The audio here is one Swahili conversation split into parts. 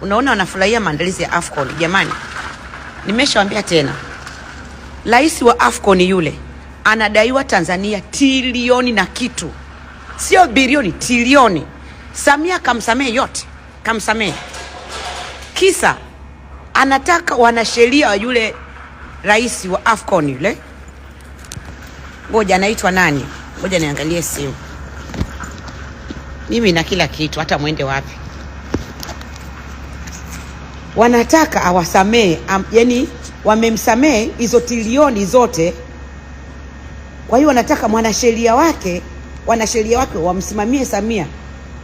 unaona wanafurahia maandalizi ya Afcon. Jamani, nimeshawaambia tena, rais wa Afcon yule anadaiwa Tanzania trilioni na kitu, sio bilioni, trilioni. Samia kamsamehe yote, kamsamehe kisa anataka wanasheria wa yule rais wa Afcon yule, ngoja anaitwa nani? Ngoja niangalie simu. Mimi na kila kitu, hata mwende wapi wanataka awasamee um, yani wamemsamee hizo trilioni zote, kwa hiyo wanataka mwanasheria wake wanasheria wake wamsimamie Samia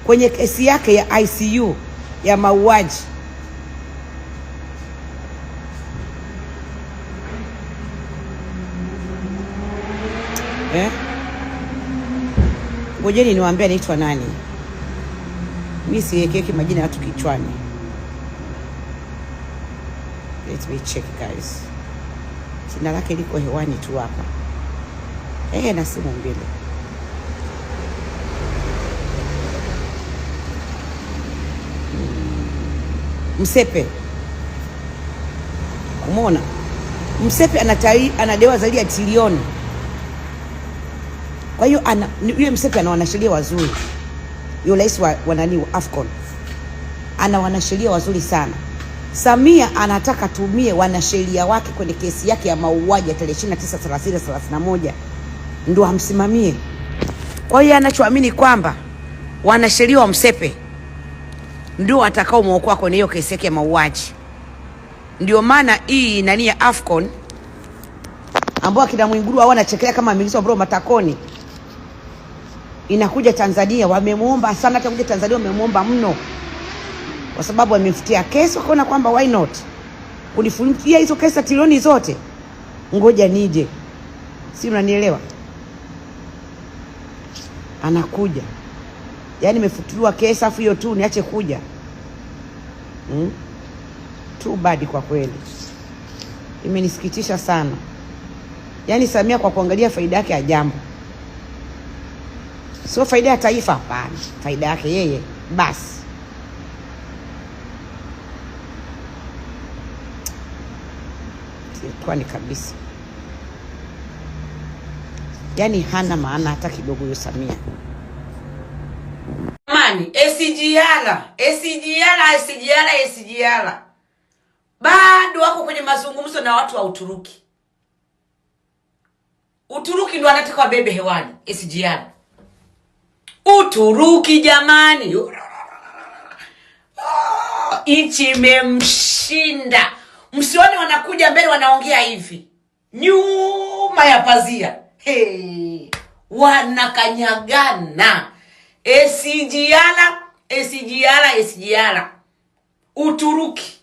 kwenye kesi yake ya ICU ya mauaji. Eh? Ngojeni eh, niwaambie anaitwa nani. Mi siwekeki majina ya watu kichwani. Let me check guys. Jina lake liko hewani tu hapa. Yeye na simu mbili. Hmm. Msepe. Umeona? Msepe anatai anadewa zaidi ya trilioni. Kwa hiyo ana yule Msepe ana wanasheria wazuri. Yule rais wa wanani wa Afcon. Ana wanasheria wazuri sana. Samia anataka tumie wanasheria wake kwenye kesi yake ya mauaji ya tarehe 29, 31 ndio amsimamie. Kwa hiyo anachoamini kwamba wanasheria wa Msepe ndio atakao muokoa kwenye hiyo kesi yake ya mauaji. Ndio maana hii nani ya Afcon ambao akina Mwinguru hao wanachekelea kama amelizwa bro matakoni, inakuja Tanzania, wamemwomba sana, hata kuja Tanzania wamemwomba mno kwa sababu amemfutia kesi, wakaona kwamba why not kunifutia hizo kesi za trilioni zote, ngoja nije, si mnanielewa? Anakuja yaani, nimefutiliwa kesi afu hiyo tu niache kuja hmm? Too bad kwa kweli, imenisikitisha sana. Yaani Samia kwa kuangalia faida yake ya jambo, sio faida ya taifa, hapana, faida yake yeye basi. kwani kabisa. Yaani hana maana hata kidogo huyo Samia. Jamani, SGR, SGR, SGR, SGR. Bado wako kwenye mazungumzo na watu wa Uturuki. Uturuki ndo anataka wabebe hewani SGR. Uturuki jamani, nchi imemshinda msioni wanakuja mbele wanaongea hivi nyuma ya pazia hey, wanakanyagana esijiala esijiala esijiala. Uturuki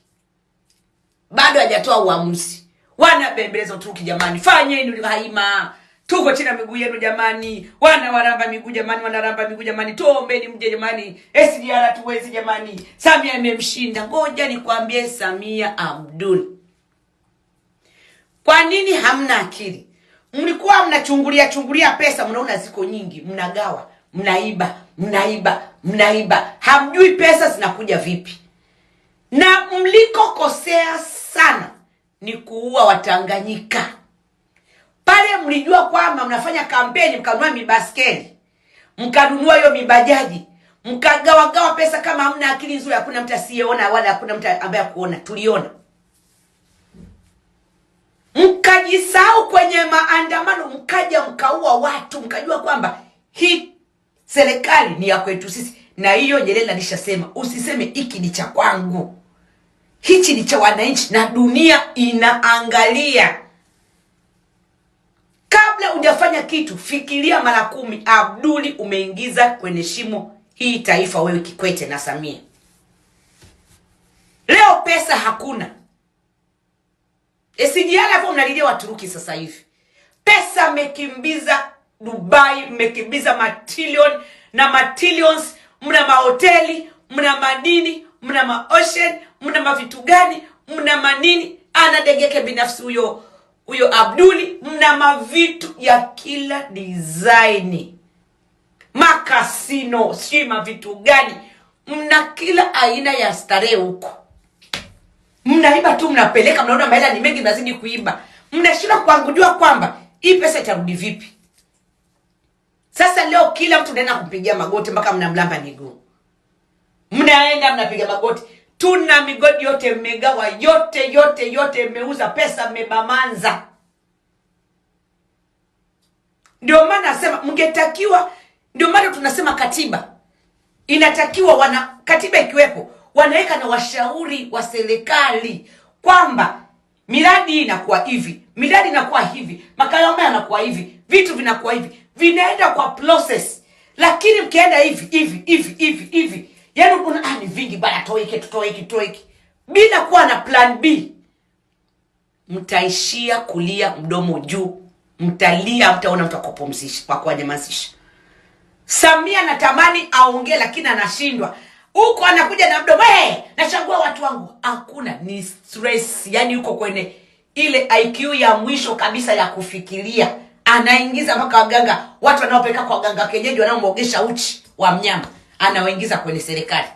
bado hajatoa uamuzi, wanabembeleza Uturuki. Jamani, fanyeni haima Tuko chini ya miguu yenu jamani, wana waramba miguu jamani, wanaramba miguu jamani, tuombeni mje jamani, sdr tuwezi jamani. Samia imemshinda. Ngoja nikwambie Samia Abdul, kwa nini hamna akili? Mlikuwa mnachungulia chungulia pesa, mnaona ziko nyingi, mnagawa, mnaiba, mnaiba, mnaiba, hamjui pesa zinakuja vipi. Na mlikokosea sana ni kuua Watanganyika pale mlijua kwamba mnafanya kampeni, mkanunua mibaskeli, mkanunua hiyo mibajaji, mkagawagawa pesa. Kama hamna akili nzuri, hakuna mtu asiyeona wala hakuna mtu ambaye kuona, tuliona. Mkajisahau kwenye maandamano, mkaja mkaua watu, mkajua kwamba hii serikali ni ya kwetu sisi. Na hiyo Nyerere alishasema, usiseme hiki ni cha kwangu, hichi ni cha wananchi, na dunia inaangalia. Kabla hujafanya kitu, fikiria mara kumi. Abduli, umeingiza kwenye shimo hii taifa wewe, Kikwete na Samia. Leo pesa hakuna, SGR hapo mnalilia Waturuki sasa hivi, pesa mmekimbiza Dubai, mmekimbiza matilioni na matilions, mna mahoteli, mna madini, mna maocean, mna mavitu gani, mna manini. Ana degeke binafsi huyo huyo Abduli, mna mavitu ya kila design, makasino, si mavitu gani, mna kila aina ya starehe huko. Mnaiba tu mnapeleka, mnaona mahela ni mengi, nazidi kuiba, mnashindwa kuangujua kwamba hii pesa itarudi vipi. Sasa leo kila mtu naenda kumpigia magoti mpaka mnamlamba miguu, mnaenda mnapiga magoti tuna migodi yote mmegawa, yote yote yote mmeuza, pesa mmebamanza. Ndio maana nasema mngetakiwa, ndio maana tunasema katiba inatakiwa wana katiba ikiwepo, wanaweka na washauri wa serikali kwamba miradi hii inakuwa hivi, miradi inakuwa hivi, makao ambayo yanakuwa hivi, vitu vinakuwa hivi, vinaenda kwa process. Lakini mkienda hivi hivi hivi hivi hivi Yaani kuna ah, ni vingi bana, toike tutoike toike bila kuwa na plan B, mtaishia kulia mdomo juu, mtalia, mtaona mtu akupumzisha kwa kuwanyamazisha. Samia natamani aongee, lakini anashindwa huko, anakuja na mdomo hey, eh, nachagua watu wangu. Hakuna, ni stress. Yani yuko kwenye ile IQ ya mwisho kabisa ya kufikiria, anaingiza mpaka waganga, watu wanaopeleka kwa waganga kenyeji wanaomwogesha uchi wa mnyama anawaingiza kwenye serikali,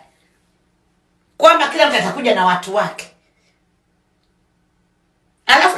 kwamba kila mtu atakuja na watu wake alafu